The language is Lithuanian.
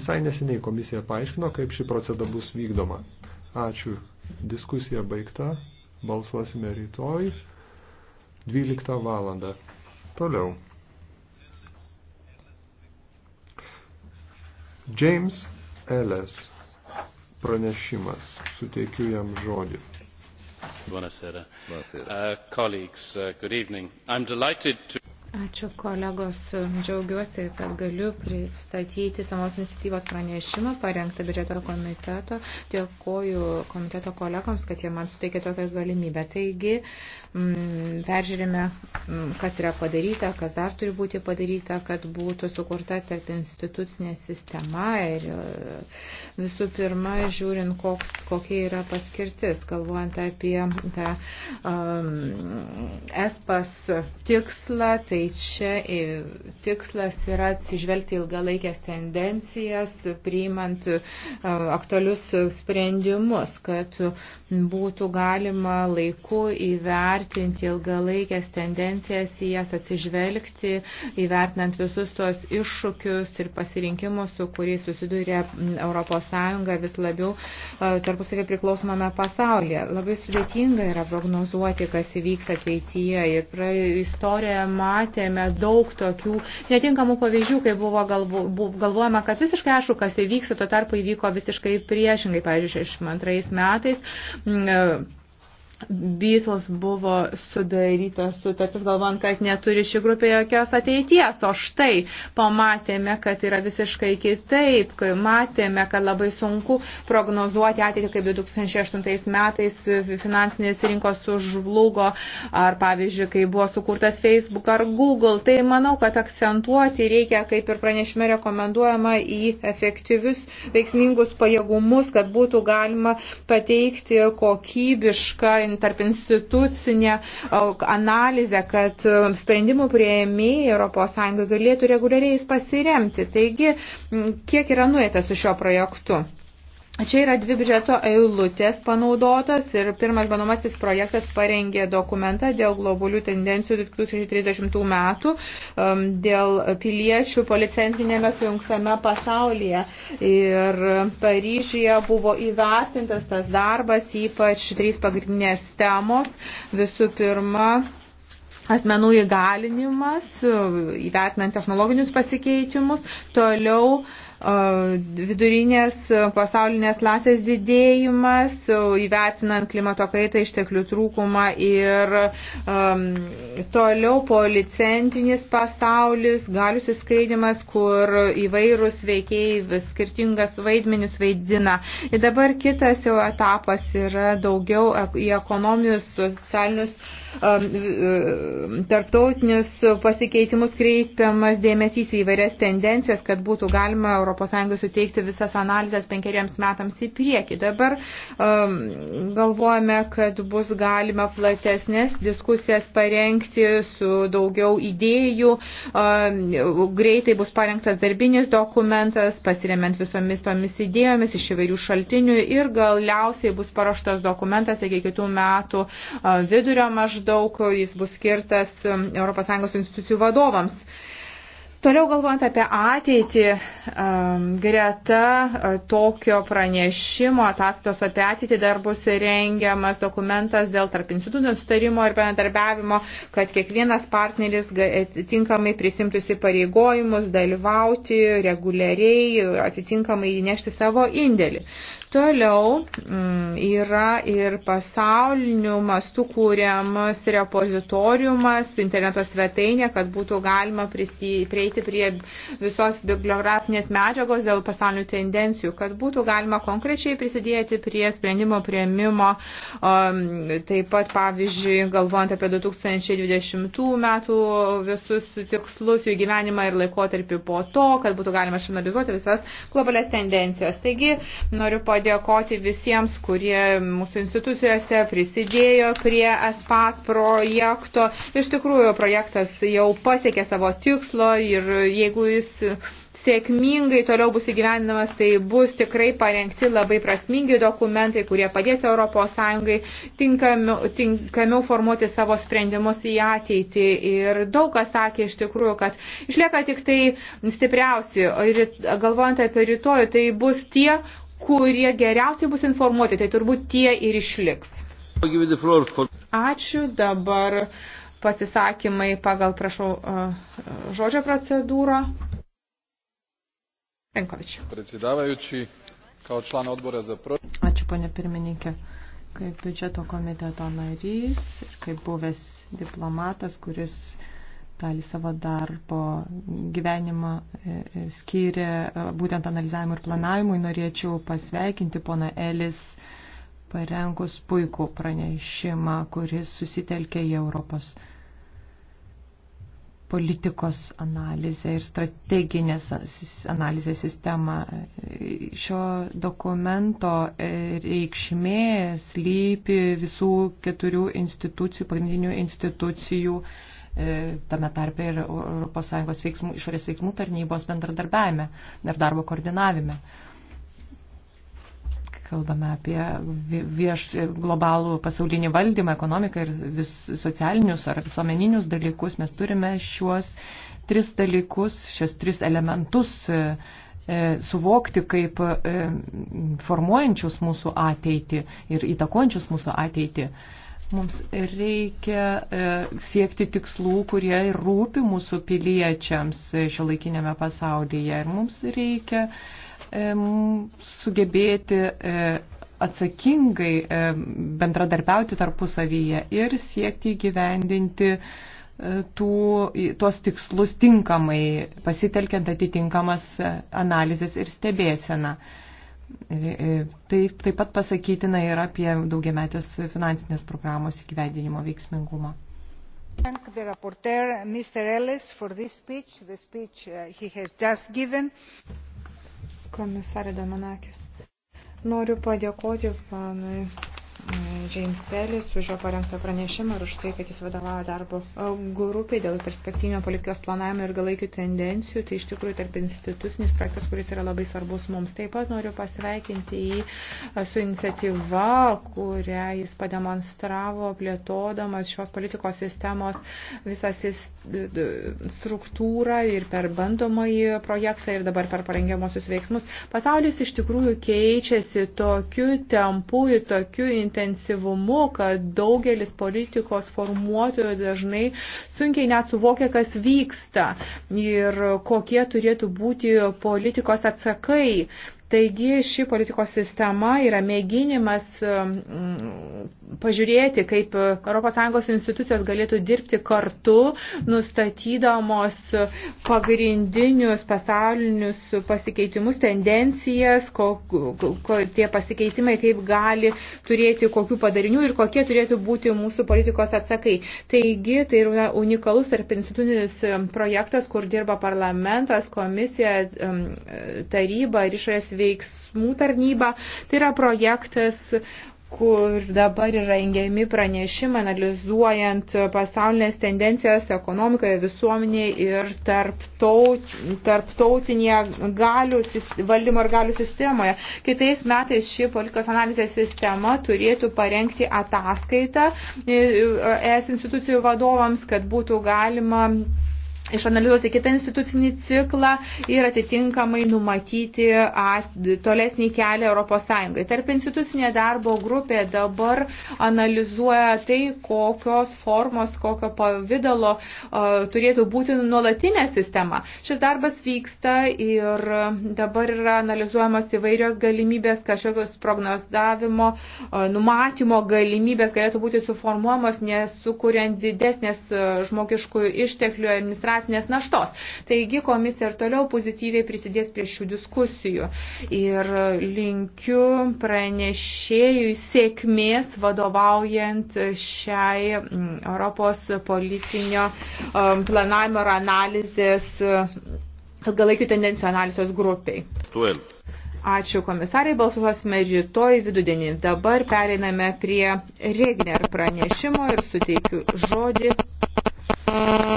Visai neseniai komisija paaiškino, kaip ši proceda bus vykdoma. Ačiū. Diskusija baigta. Balsuosime rytoj 12 valandą. Toliau. James Ellis pranešimas. Suteikiu jam žodį. Buonasera. Buonasera. Uh, colleagues, uh, good evening. I'm delighted to Ačiū kolegos, džiaugiuosi, kad galiu pristatyti samos iniciatyvos pranešimą, parengtą biudžeto komiteto. Dėkoju komiteto kolegams, kad jie man suteikė tokią galimybę. Taigi, m, mm, peržiūrime, m, mm, kas yra padaryta, kas dar turi būti padaryta, kad būtų sukurta tarp institucinė sistema ir e, visų pirma, žiūrint, koks, kokia yra paskirtis, galvojant apie tą um, ESPAS tikslą. Tai Tai čia tikslas yra atsižvelgti ilgalaikės tendencijas, priimant aktualius sprendimus, kad būtų galima laiku įvertinti ilgalaikės tendencijas, į jas atsižvelgti, įvertinant visus tos iššūkius ir pasirinkimus, su kuriais susidūrė ES vis labiau tarpusavė priklausomame pasaulyje. Labai sudėtinga yra prognozuoti, kas įvyks ateityje ir istorija matė, matėme daug tokių netinkamų pavyzdžių, kai buvo galvo, galvojama, kad visiškai aišku, kas įvyks, tuo tarpu įvyko visiškai priešingai, pavyzdžiui, 62 metais. M, Beatles buvo sudaryta sutartis, galvant, kad neturi ši grupė jokios ateities, o štai pamatėme, kad yra visiškai kitaip, kai matėme, kad labai sunku prognozuoti ateitį, kaip 2008 metais finansinės rinkos sužlugo, ar pavyzdžiui, kai buvo sukurtas Facebook ar Google, tai manau, kad akcentuoti reikia, kaip ir pranešime rekomenduojama, į efektyvius veiksmingus pajėgumus, kad būtų galima pateikti kokybišką tarp institucinę analizę, kad sprendimų prieimiai ES galėtų reguliariais pasiremti. Taigi, kiek yra nuėta su šio projektu? Čia yra dvi biudžeto eilutės panaudotas ir pirmas bandomasis projektas parengė dokumentą dėl globalių tendencijų 2030 metų, um, dėl piliečių policentinėme sujungtame pasaulyje. Ir Paryžyje buvo įvertintas tas darbas, ypač trys pagrindinės temos. Visų pirma, asmenų įgalinimas, įvertinant technologinius pasikeitimus, toliau vidurinės pasaulinės klasės didėjimas, įvertinant klimato kaitą išteklių trūkumą ir um, toliau policentinis pasaulis, galių suskaidimas, kur įvairūs veikėjai skirtingas vaidmenis vaidina. Ir dabar kitas jau etapas yra daugiau į ekonominius, socialinius tarptautinius pasikeitimus kreipiamas dėmesys į vairias tendencijas, kad būtų galima ES suteikti visas analizės penkeriams metams į priekį. Dabar um, galvojame, kad bus galima platesnės diskusijas parengti su daugiau idėjų. Um, greitai bus parengtas darbinis dokumentas, pasiremiant visomis tomis idėjomis iš įvairių šaltinių ir galiausiai bus paruoštas dokumentas iki kitų metų uh, vidurio maždaug. Jis bus skirtas um, ES institucijų vadovams. Toliau galvojant apie ateitį, um, greta uh, tokio pranešimo ataskaitos apie ateitį dar bus rengiamas dokumentas dėl tarp institucijų sutarimo ir bendarbiavimo, kad kiekvienas partneris atitinkamai e, prisimtų įsipareigojimus, dalyvauti reguliariai, atitinkamai įnešti savo indėlį. Toliau mm, yra ir pasaulinių mastų kūriamas repozitoriumas interneto svetainė, kad būtų galima prieiti prieiti prie visos bibliografinės medžiagos dėl pasaulinių tendencijų, kad būtų galima konkrečiai prisidėti prie sprendimo prieimimo, um, taip pat, pavyzdžiui, galvojant apie 2020 metų visus tikslus, jų gyvenimą ir laikotarpį po to, kad būtų galima išanalizuoti visas globalias tendencijas. Taigi, noriu padėkoti visiems, kurie mūsų institucijose prisidėjo prie ESPAS projekto. Iš tikrųjų, projektas jau pasiekė savo tikslo ir ir jeigu jis sėkmingai toliau bus įgyvendinamas, tai bus tikrai parengti labai prasmingi dokumentai, kurie padės ES tinkamiau, tinkamiau formuoti savo sprendimus į ateitį. Ir daug kas sakė iš tikrųjų, kad išlieka tik tai stipriausi. Ir galvojant apie rytojų, tai bus tie, kurie geriausiai bus informuoti, tai turbūt tie ir išliks. Ačiū dabar pasisakymai pagal, prašau, žodžio procedūrą. Renkovič. Predsidavajući, kao član odbora za pro... Ačiū, ponė pirmininkė. Kaip biudžeto komiteto narys ir kaip buvęs diplomatas, kuris dalį savo darbo gyvenimą e, e, skyrė e, būtent analizavimui ir planavimui, norėčiau pasveikinti poną Elis parengus puikų pranešimą, kuris susitelkia į Europos politikos analizę ir strateginės analizės sistemą. Šio dokumento e, reikšmė slypi visų keturių institucijų, pagrindinių institucijų, e, tame tarpe ir ES veiksmų, išorės veiksmų tarnybos bendradarbiavime ir darbo koordinavime. Kalbame apie vieš, globalų pasaulinį valdymą, ekonomiką ir vis, socialinius ar visuomeninius dalykus. Mes turime šiuos tris dalykus, šios tris elementus e, e, suvokti kaip e, formuojančius mūsų ateitį ir įtakojančius mūsų ateitį. Mums reikia siekti tikslų, kurie rūpi mūsų piliečiams šio laikinėme pasaulyje. Ir mums reikia uh, E, sugebėti e, atsakingai e, bendradarbiauti tarpusavyje ir siekti gyvendinti tų, tuos tikslus tinkamai, pasitelkiant atitinkamas analizės ir stebėseną. Tai taip pat pasakytina ir apie daugiametės finansinės programos įgyvendinimo veiksmingumą. Thank the rapporteur, Mr. Ellis, for this speech, the speech uh, he has just given komisarė Domenakis. Noriu padėkoti panui James Ellis už jo parengtą pranešimą ir už tai, kad jis vadovavo darbo e, grupiai dėl perspektyvinio politikos planavimo ir galaikių tendencijų. Tai iš tikrųjų tarp institucinis projektas, kuris yra labai svarbus mums. Taip pat noriu pasveikinti jį e, su iniciatyva, kurią jis pademonstravo plėtodamas šios politikos sistemos visą struktūrą ir per bandomąjį projektą ir dabar per parengiamosius veiksmus. Pasaulis iš tikrųjų keičiasi tokiu tempu ir tokiu intensyvumu intensyvumu, kad daugelis politikos formuotojų dažnai sunkiai net suvokia, kas vyksta ir kokie turėtų būti politikos atsakai. Taigi ši politikos sistema yra mėginimas um, pažiūrėti, kaip ES institucijos galėtų dirbti kartu, nustatydamos pagrindinius pasaulinius pasikeitimus, tendencijas, ko, ko, tie pasikeitimai, kaip gali turėti kokių padarinių ir kokie turėtų būti mūsų politikos atsakai. Taigi tai yra unikalus tarp institucinis um, projektas, kur dirba parlamentas, komisija, um, taryba ir išorės veiksmų tarnybą. Tai yra projektas, kur dabar yra rengiami pranešimai analizuojant pasaulinės tendencijas ekonomikoje, visuomenėje ir tarptaut, tarptautinėje galių, valdymo ir galių sistemoje. Kitais metais ši politikos analizės sistema turėtų parengti ataskaitą e, e, es institucijų vadovams, kad būtų galima išanalizuoti kitą institucinį ciklą ir atitinkamai numatyti tolesnį kelią ES. Tarp institucinė darbo grupė dabar analizuoja tai, kokios formos, kokio pavydalo uh, turėtų būti nuolatinė sistema. Šis darbas vyksta ir dabar yra analizuojamos įvairios galimybės, kažkokios prognozavimo, uh, numatymo galimybės galėtų būti suformuojamos, nesukuriant didesnės žmogiškų išteklių administracijos administracinės naštos. Taigi komisija ir toliau pozityviai prisidės prie šių diskusijų. Ir linkiu pranešėjui sėkmės vadovaujant šiai mm, Europos politinio mm, planavimo ir analizės mm, ilgalaikių tendencijų analizės grupiai. Tuel. Ačiū komisariai, balsuosime rytoj vidudienį. Dabar pereiname prie Regner pranešimo ir suteikiu žodį.